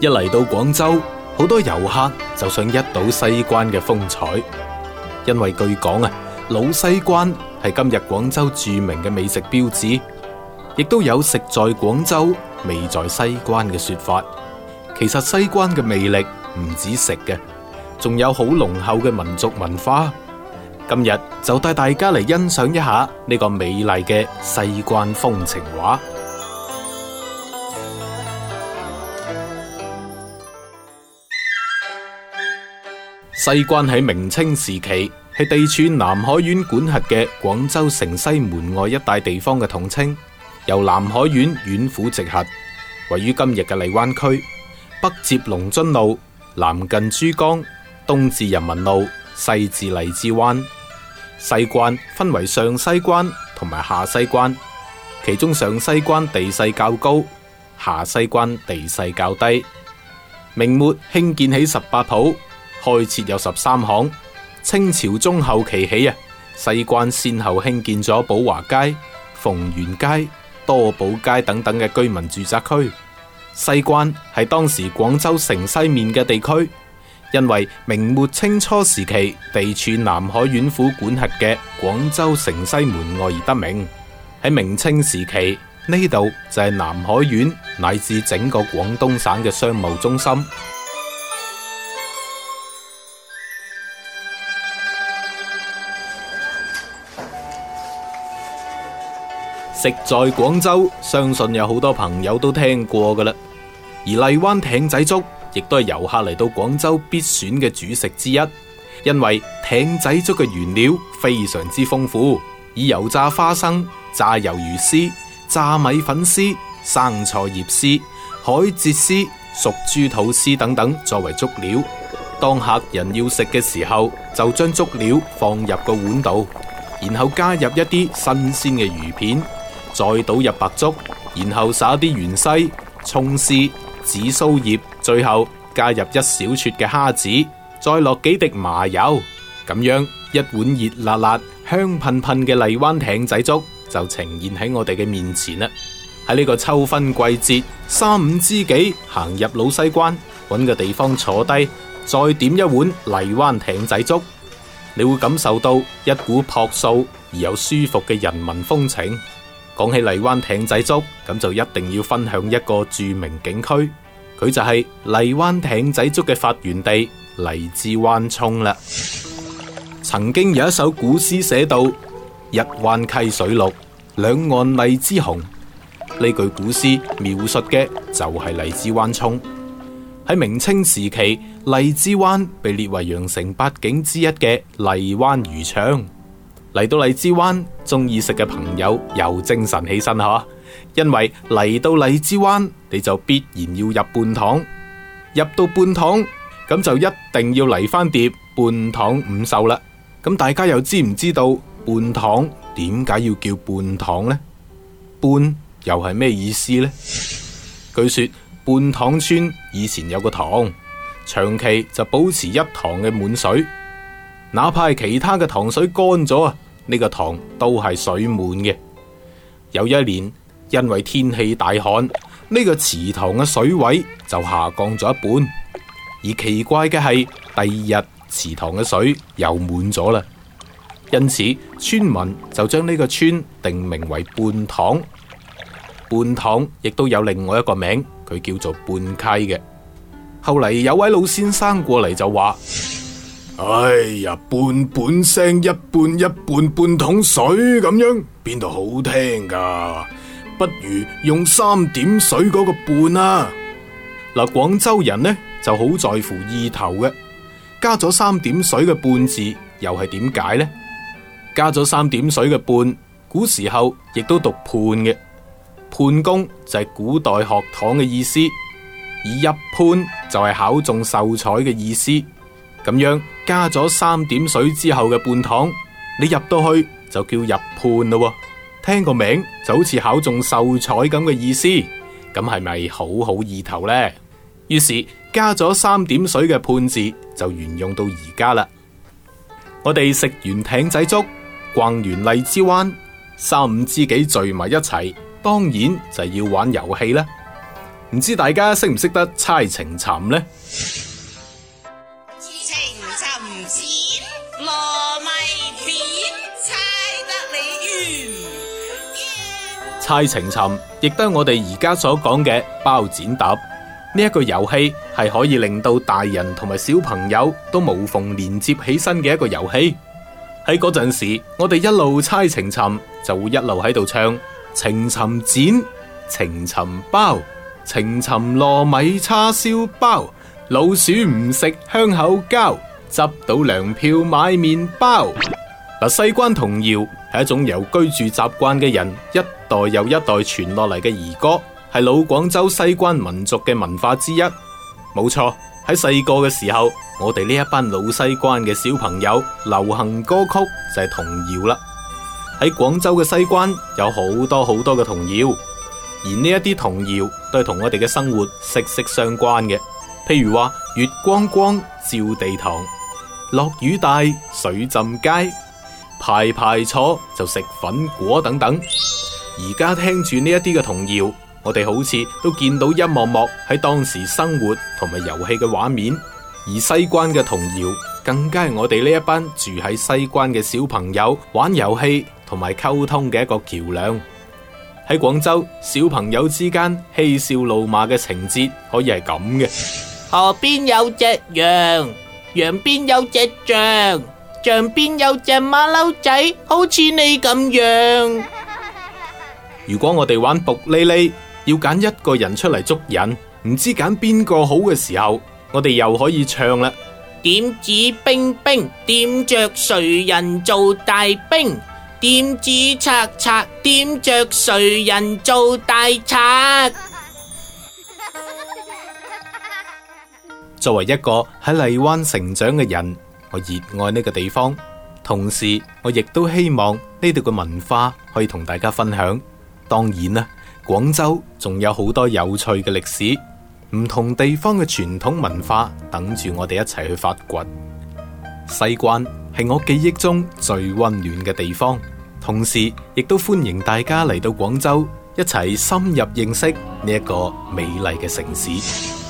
一嚟到廣州，好多遊客就想一睹西關嘅風采，因為據講啊，老西關係今日廣州著名嘅美食標誌，亦都有食在廣州，味在西關嘅說法。其實西關嘅魅力唔止食嘅，仲有好濃厚嘅民族文化。今日就帶大家嚟欣賞一下呢個美麗嘅西關風情畫。西關喺明清時期係地處南海縣管轄嘅廣州城西門外一帶地方嘅統稱，由南海縣縣府直轄，位於今日嘅荔灣區，北接龍津路，南近珠江，東至人民路，西至荔枝灣。西關分為上西關同埋下西關，其中上西關地勢較高，下西關地勢較低。明末興建起十八甫。開設有十三行。清朝中後期起啊，西關先後興建咗寶華街、逢源街、多寶街等等嘅居民住宅區。西關係當時廣州城西面嘅地區，因為明末清初時期地處南海縣府管轄嘅廣州城西門外而得名。喺明清時期，呢度就係南海縣乃至整個廣東省嘅商務中心。食在廣州，相信有好多朋友都聽過噶啦。而荔灣艇仔粥亦都係遊客嚟到廣州必選嘅主食之一，因為艇仔粥嘅原料非常之豐富，以油炸花生、炸魷魚絲、炸米粉絲、生菜葉絲、海蜇絲、熟豬肚絲等等作為粥料。當客人要食嘅時候，就將粥料放入個碗度，然後加入一啲新鮮嘅魚片。再倒入白粥，然後撒啲芫茜、葱絲、紫蘇葉，最後加入一小撮嘅蝦子，再落幾滴麻油，咁樣一碗熱辣辣、香噴噴嘅荔灣艇仔粥就呈現喺我哋嘅面前啦。喺呢個秋分季節，三五知己行入老西關，揾個地方坐低，再點一碗荔灣艇仔粥，你會感受到一股朴素而又舒服嘅人民風情。講起荔灣艇仔粥，咁就一定要分享一個著名景區，佢就係荔灣艇仔粥嘅發源地荔枝灣涌啦。曾經有一首古詩寫到：一灣溪水綠，兩岸荔枝紅。呢句古詩描述嘅就係荔枝灣涌。喺明清時期，荔枝灣被列為羊城八景之一嘅荔灣漁唱。嚟到荔枝灣，中意食嘅朋友又精神起身吓，因為嚟到荔枝灣，你就必然要入泮塘，入到泮塘，咁就一定要嚟返碟泮塘五秀啦。咁大家又知唔知道泮塘點解要叫泮塘呢？泮又係咩意思呢？據說泮塘村以前有個塘，長期就保持一塘嘅滿水，哪怕係其他嘅塘水乾咗啊！呢個塘都係水滿嘅。有一年，因為天氣大旱，呢個池塘嘅水位就下降咗一半。而奇怪嘅係，第二日池塘嘅水又滿咗啦。因此，村民就將呢個村定名為半塘。半塘亦都有另外一個名，佢叫做半溪嘅。後嚟有位老先生過嚟就話。哎呀，半半聲一半一半半桶水咁樣，邊度好聽噶？不如用三點水嗰個半啊！嗱，廣州人呢就好在乎意頭嘅，加咗三點水嘅半字又係點解呢？加咗三點水嘅半，古時候亦都讀泮嘅，泮宮就係古代學堂嘅意思，而入泮就係考中秀才嘅意思。咁樣加咗三點水之後嘅半塘，你入到去就叫入泮咯喎。聽個名就好似考中秀才咁嘅意思，咁係咪好好意頭呢？於是加咗三點水嘅泮字就沿用到而家啦。我哋食完艇仔粥，逛完荔枝灣，三五知己聚埋一齊，當然就要玩遊戲啦。唔知大家識唔識得猜呈沉呢？猜情尋亦都係我哋而家所講嘅包剪揼呢一個遊戲，係可以令到大人同埋小朋友都無縫連接起身嘅一個遊戲。喺嗰陣時，我哋一路猜情尋就會一路喺度唱情尋剪、情尋包、情尋糯米叉燒包、老鼠唔食香口膠，執到糧票買麵包。嗱，西關童謠係一種由居住習慣嘅人一代又一代傳落嚟嘅兒歌，係老廣州西關民俗嘅文化之一。冇錯，喺細個嘅時候，我哋呢一班老西關嘅小朋友，流行歌曲就係童謠啦。喺廣州嘅西關有好多好多嘅童謠，而呢一啲童謠都係同我哋嘅生活息息相關嘅。譬如話月光光照地堂，落雨大水浸街，排排坐就食粉果等等。而家聽住呢一啲嘅童謠，我哋好似都見到一幕幕喺當時生活同埋遊戲嘅畫面。而西關嘅童謠更加係我哋呢一班住喺西關嘅小朋友玩遊戲同埋溝通嘅一個橋樑。喺廣州，小朋友之間嬉笑怒罵嘅情節可以係咁嘅。河邊有隻羊，羊邊有隻象，象邊有隻馬騮仔，好似你咁樣。如果我哋玩卜哩哩，要揀一個人出嚟捉人，唔知揀邊個好嘅時候，我哋又可以唱啦。點指兵兵，點着誰人做大兵，點指賊賊，點着誰人做大賊。作為一個喺荔灣成長嘅人，我熱愛呢個地方，同時我亦都希望呢度嘅文化可以同大家分享。當然啦，廣州仲有好多有趣嘅歷史，唔同地方嘅傳統文化等住我哋一齊去發掘。西關係我記憶中最溫暖嘅地方，同時亦都歡迎大家嚟到廣州一齊深入認識呢一個美麗嘅城市。